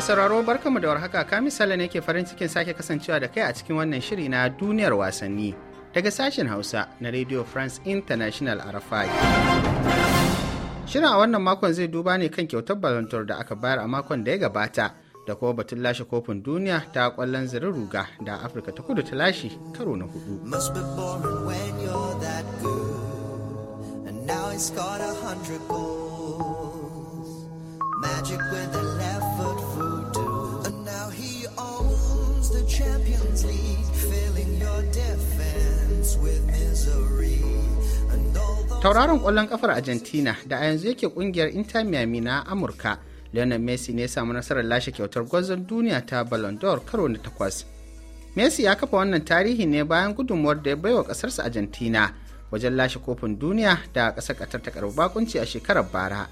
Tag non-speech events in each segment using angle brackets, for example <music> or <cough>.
Mai sauraro barkamu da warhaka ka misali ne ke farin cikin sake kasancewa da kai a cikin wannan shiri na duniyar wasanni daga sashen Hausa na Radio France International RFI. Shirin a wannan makon zai duba ne kan kyautar balantar da aka bayar a makon da ya gabata da kuma batun lashe kofin duniya ta kwallon zirin ruga da Afirka ta kudu ta lashe karo na hudu. Magic with the left foot tauraron kwallon kafar argentina da a yanzu yake kungiyar inter miami na amurka lionel messi ne samu nasarar lashe kyautar gwazon duniya ta ballon d'or karo na takwas messi ya kafa wannan tarihi ne bayan gudunmuwar da ya baiwa kasarsa argentina wajen lashe kofin duniya da kasar katar ta karbi bakunci a shekarar bara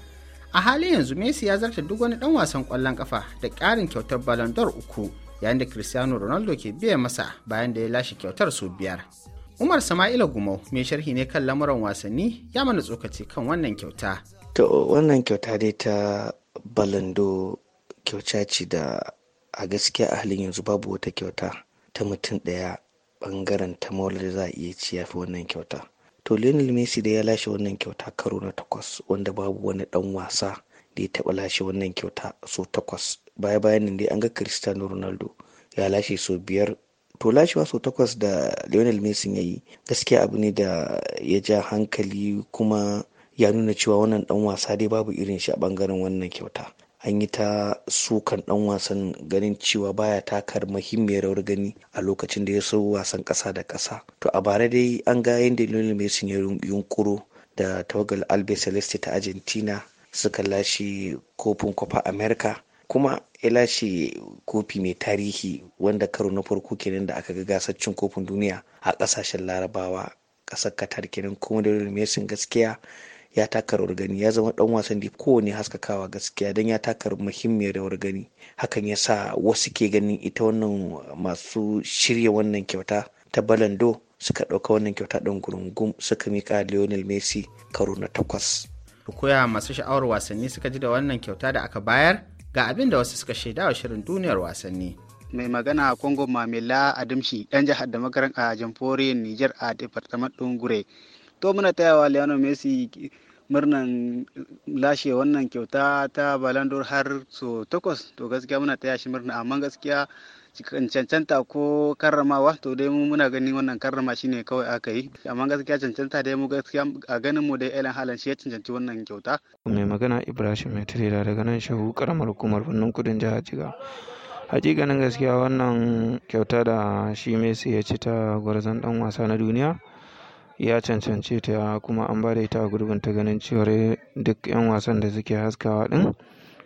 a halin yanzu messi ya zarta duk wani dan wasan kwallon kafa da karin kyautar ballon d'or uku yayin da cristiano ronaldo ke biya masa bayan da ya lashe kyautar su biyar Umar Sama'ila Gumau mai sharhi ne kan lamuran wasanni ya mana tsokaci kan wannan kyauta. To wannan kyauta dai ta balando kyauta ce da a gaskiya a halin yanzu babu wata kyauta ta mutum ɗaya bangaren ta da za a iya ci yafi wannan kyauta. To Lionel Messi da ya lashe wannan kyauta karo na takwas wanda babu wani ɗan wasa da ya taɓa lashe wannan kyauta so takwas. Baya bayan dai an ga Cristiano Ronaldo ya lashe so biyar to lashewa sau takwas da lionel messi ya yi gaskiya abu ne da ya ja hankali kuma ya nuna cewa wannan dan wasa dai babu irin shi a bangaren wannan kyauta an yi ta sukan dan wasan ganin cewa baya takar muhimmiyar rawar gani a lokacin da ya so wasan kasa da kasa to a bara dai an ga yadda lionel messi ya yunkuro da tawagal albe celeste ta argentina suka lashe kofin copa america kuma ila shi kofi mai tarihi wanda karo na farko kenan da aka ga gasar cin kofin duniya a kasashen larabawa kasar katar kenan kuma da messi gaskiya ya taka rawar gani ya zama dan wasan da kowane haskakawa gaskiya don ya taka muhimmiyar rawar gani hakan ya sa wasu ke ganin ita wannan masu shirya wannan kyauta ta balando suka ɗauka wannan kyauta ɗin gurungum suka mika lionel messi karo na takwas koya masu sha'awar wasanni suka ji da wannan kyauta da aka bayar ga abin da wasu suka shaida wa shirin duniyar wasanni. mai magana a kongo mamila adamshi dan jihar da makaranta a jamforiyar niger a departament ɗin gure to muna tayawa leonel messi murnan lashe wannan kyauta ta balandor har so takwas to gaskiya muna taya shi murna amma gaskiya cancanta ko karramawa to dai mu muna ganin wannan karrama shine kawai aka yi amma gaskiya cancanta dai mu gaskiya a ganin mu dai elan halan shi ya cancanci wannan kyauta mai magana ibrahim mai daga nan shahu karamar hukumar birnin kudin jihar jiga hakikanin gaskiya wannan kyauta da shi mai ya ci ta gwarzon dan wasa na duniya ya cancance ta kuma an ba da ita a gurbin ta ganin cewar duk 'yan wasan da suke haskawa din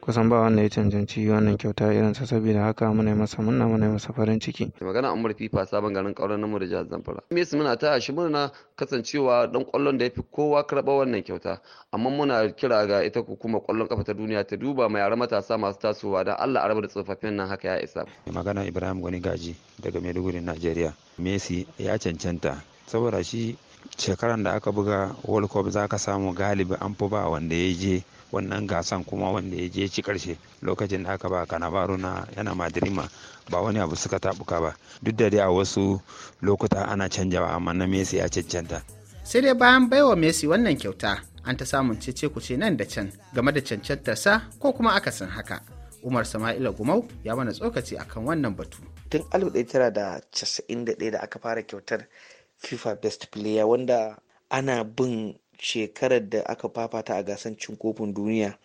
kusan ba wanda ya cancanci wannan kyauta irin sa saboda haka muna masa murna muna masa farin ciki magana Umar Fifa sabon garin kauran namu da jihar Zamfara su muna ta shi muna kasancewa dan kwallon da ya fi kowa karba wannan kyauta amma muna kira ga ita kuma kwallon kafa ta duniya ta duba mai yara matasa masu tasowa dan Allah araba da tsofaffin nan haka ya isa magana Ibrahim Gwani Gaji daga Maiduguri Najeriya Messi ya cancanta saboda shi shekaran da aka buga world cup za ka samu galibi an fi ba wanda ya je wannan gasan kuma wanda ya je ci karshe lokacin da aka ba kanabaru na yana madrima ba wani abu suka tabuka ba duk da dai a wasu lokuta ana canjawa amma na messi ya cancanta sai dai bayan baiwa messi wannan kyauta an ta samun cece kuce nan da can game da cancantarsa ko kuma akasin haka umar sama'ila gumau ya mana tsokaci akan wannan batu tun 1991 da aka fara kyautar FIFA Best Player wanda ana bin shekarar da aka fafata a gasar cin kofin duniya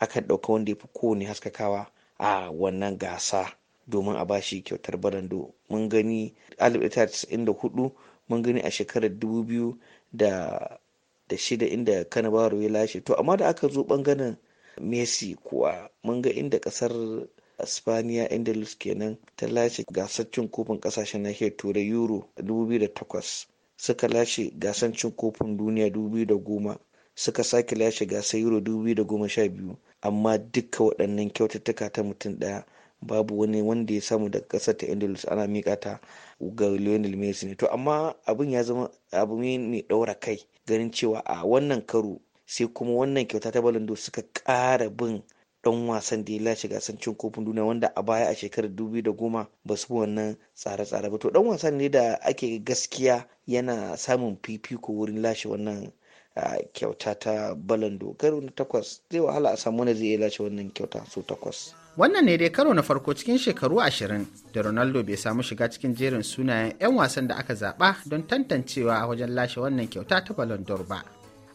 akan ɗauka wanda ya fi kowane haskakawa a wannan gasa domin a ba shi kyautar barando mun gani 1994 mun gani a shekarar 2000 da da inda kanabaro ya lashe to amma da aka zo ɓangaren messi kuwa mun ga inda ƙasar. Espaniya indalus kenan ta lashe gasar cin kofin kasashen nahiyar Turai Euro 2008 suka lashe gasar cin kofin duniya 2010 suka sake lashe gasar Euro 2012 amma duka waɗannan kyaututtuka ta mutum ɗaya babu wani wanda ya samu da ƙasar ta indalus ana miƙa ta ga Lionel Messi ne to amma abin ya zama abu ne mai ɗaura kai ganin cewa a wannan karo sai kuma wannan kyauta ta balando suka ƙara bin dan wasan da ya lashe gasar cin kofin duniya wanda a baya a shekarar dubu da goma ba su wannan tsare-tsare ba to dan wasan ne da ake gaskiya yana samun fifiko wurin lashe wannan kyauta ta balan dokar takwas zai wahala a samu wanda zai iya lashe wannan kyauta so takwas wannan ne dai karo na farko cikin shekaru ashirin da ronaldo bai samu shiga cikin jerin sunayen 'yan wasan da aka zaba don tantancewa wajen lashe wannan kyauta ta balon ba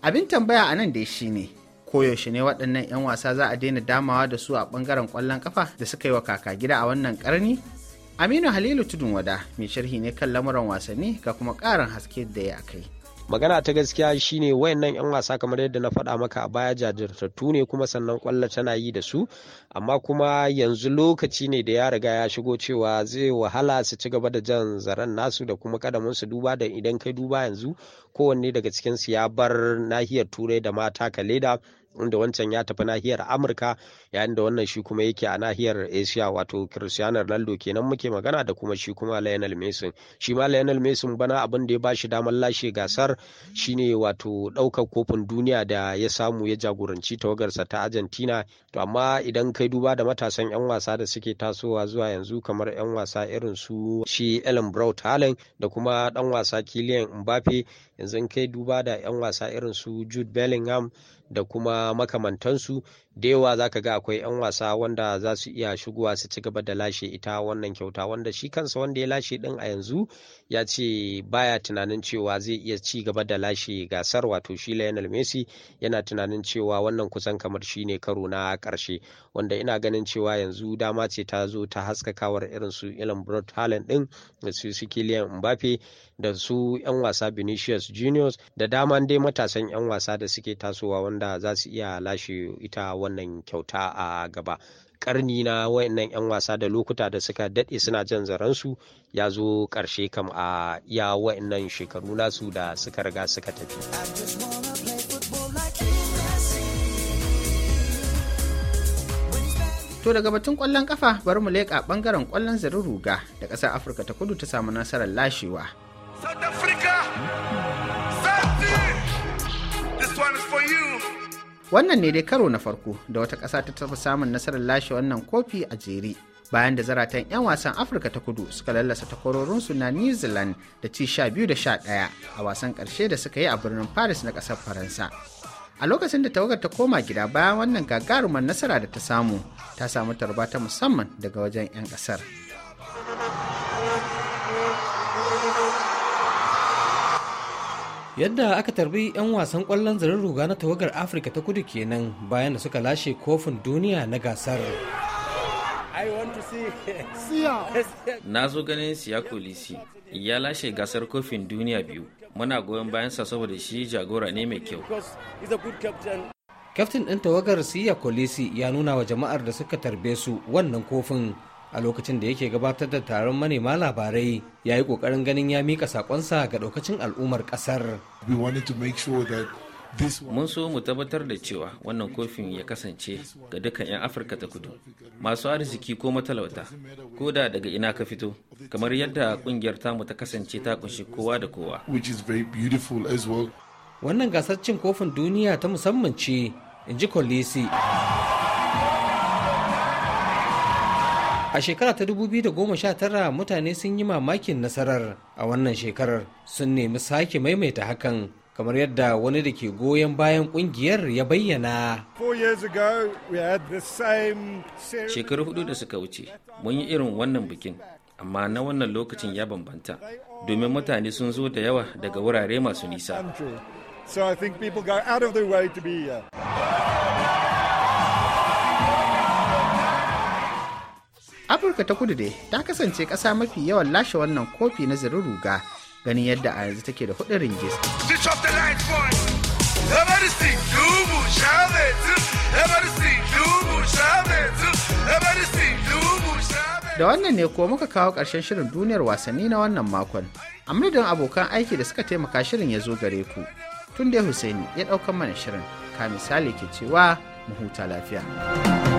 abin tambaya a nan dai shine koyaushe ne waɗannan 'yan wasa za a daina damawa da su a ɓangaren ƙwallon kafa da suka yi wa kaka gida a wannan ƙarni aminu halilu tudun wada mai sharhi ne kan lamuran wasanni ga kuma ƙarin haske da ya kai magana ta gaskiya shine wayannan 'yan wasa kamar yadda na faɗa maka a baya jajirtattu ne kuma sannan kwallo tana yi da su amma kuma yanzu lokaci ne da ya riga ya shigo cewa zai wahala su ci gaba da jan zaren nasu da kuma kadamin su duba da idan kai duba yanzu kowanne daga cikin su ya bar nahiyar turai da mata ka leda inda wancan ya tafi nahiyar amurka yayin da wannan shi kuma yake a nahiyar asia wato cristiano ronaldo kenan muke magana da kuma shi kuma lionel messi shi ma lionel messi bana abin da ya bashi damar lashe gasar shine wato daukar kofin duniya da ya samu ya jagoranci tawagarsa ta argentina to amma idan kai duba da matasan yan wasa da suke tasowa zuwa yanzu kamar yan wasa irin su shi ellen brown halen da kuma dan wasa kilian mbappe yanzu kai duba da yan wasa irin su jude bellingham da kuma makamantansu da yawa za ka ga akwai 'yan wasa wanda za su iya shigowa su ci gaba da lashe ita wannan kyauta wanda shi kansa wanda ya lashe din a yanzu ya ce baya tunanin cewa zai iya ci gaba da lashe gasar wato shi Lionel Messi yana tunanin cewa wannan kusan kamar shi ne karo na karshe wanda ina ganin cewa yanzu dama ce ta zo ta haskakawar irin su Elon Brot Haaland din da su su Kylian Mbappe da su 'yan wasa Vinicius Juniors da dama dai matasan 'yan wasa da suke tasowa wanda za su iya lashe ita wannan kyauta a gaba karni na wayannan 'yan wasa da lokuta da suka daɗe suna jan zaransu ya zo ƙarshe kam a iya wayannan shekaru nasu da suka riga suka tafi. To daga batun kwallon kafa bari mu leƙa ɓangaren kwallon zarin ruga da ƙasar Afirka ta kudu ta samu nasarar lashewa. wannan ne dai karo na farko da wata ƙasa ta taɓa samun nasarar lashe wannan kofi a jere bayan da zaratan 'yan wasan afirka ta kudu suka lallasa takwarorinsu na new zealand da ci sha biyu da sha ɗaya a wasan ƙarshe da suka yi a birnin paris na ƙasar faransa a lokacin da tawagar ta koma gida bayan wannan gagarumar nasara da ta samu ta samu tarba ta musamman daga wajen 'yan ƙasar yadda aka tarbi 'yan wasan kwallon zarin ruga na tawagar afirka ta kudu kenan bayan da suka lashe kofin duniya na gasar <laughs> na zo ganin siya kolisi ya lashe gasar kofin duniya biyu muna goyon bayansa saboda shi jagora ne mai kyau kyaftin ɗin tawagar siya kolisi ya nuna wa jama'ar da suka tarbe su wannan kofin a lokacin da yake gabatar da taron manema labarai ya yi kokarin ganin ya mika sakonsa ga daukacin al'ummar kasar mun so mu tabbatar da cewa wannan kofin ya kasance ga dukkan 'yan afirka ta kudu masu arziki ko matalauta ko da daga ina ka fito kamar yadda kungiyar tamu ta kasance ta kunshi kowa da kowa wannan gasar cin kofin duniya ta musamman ce in ji kolisi a shekara ta 2019 mutane sun yi mamakin nasarar a wannan shekarar sun nemi sake maimaita hakan kamar yadda wani da ke goyon bayan kungiyar ya bayyana. Shekaru hudu da suka wuce, mun yi irin wannan bikin, amma na wannan lokacin ya bambanta, domin mutane sun zo da yawa daga wurare masu nisa. So I think people go out way to be afirka ta kudu dai ta kasance ƙasa mafi yawan lashe wannan kofi na zirin ruga ganin yadda a yanzu take da hudu ringis da wannan ne ko muka kawo ƙarshen shirin duniyar wasanni na wannan makon a abokan aiki da suka taimaka shirin ya zo gare ku tun dai husaini ya ɗaukan mana shirin ka misali ke cewa mu huta lafiya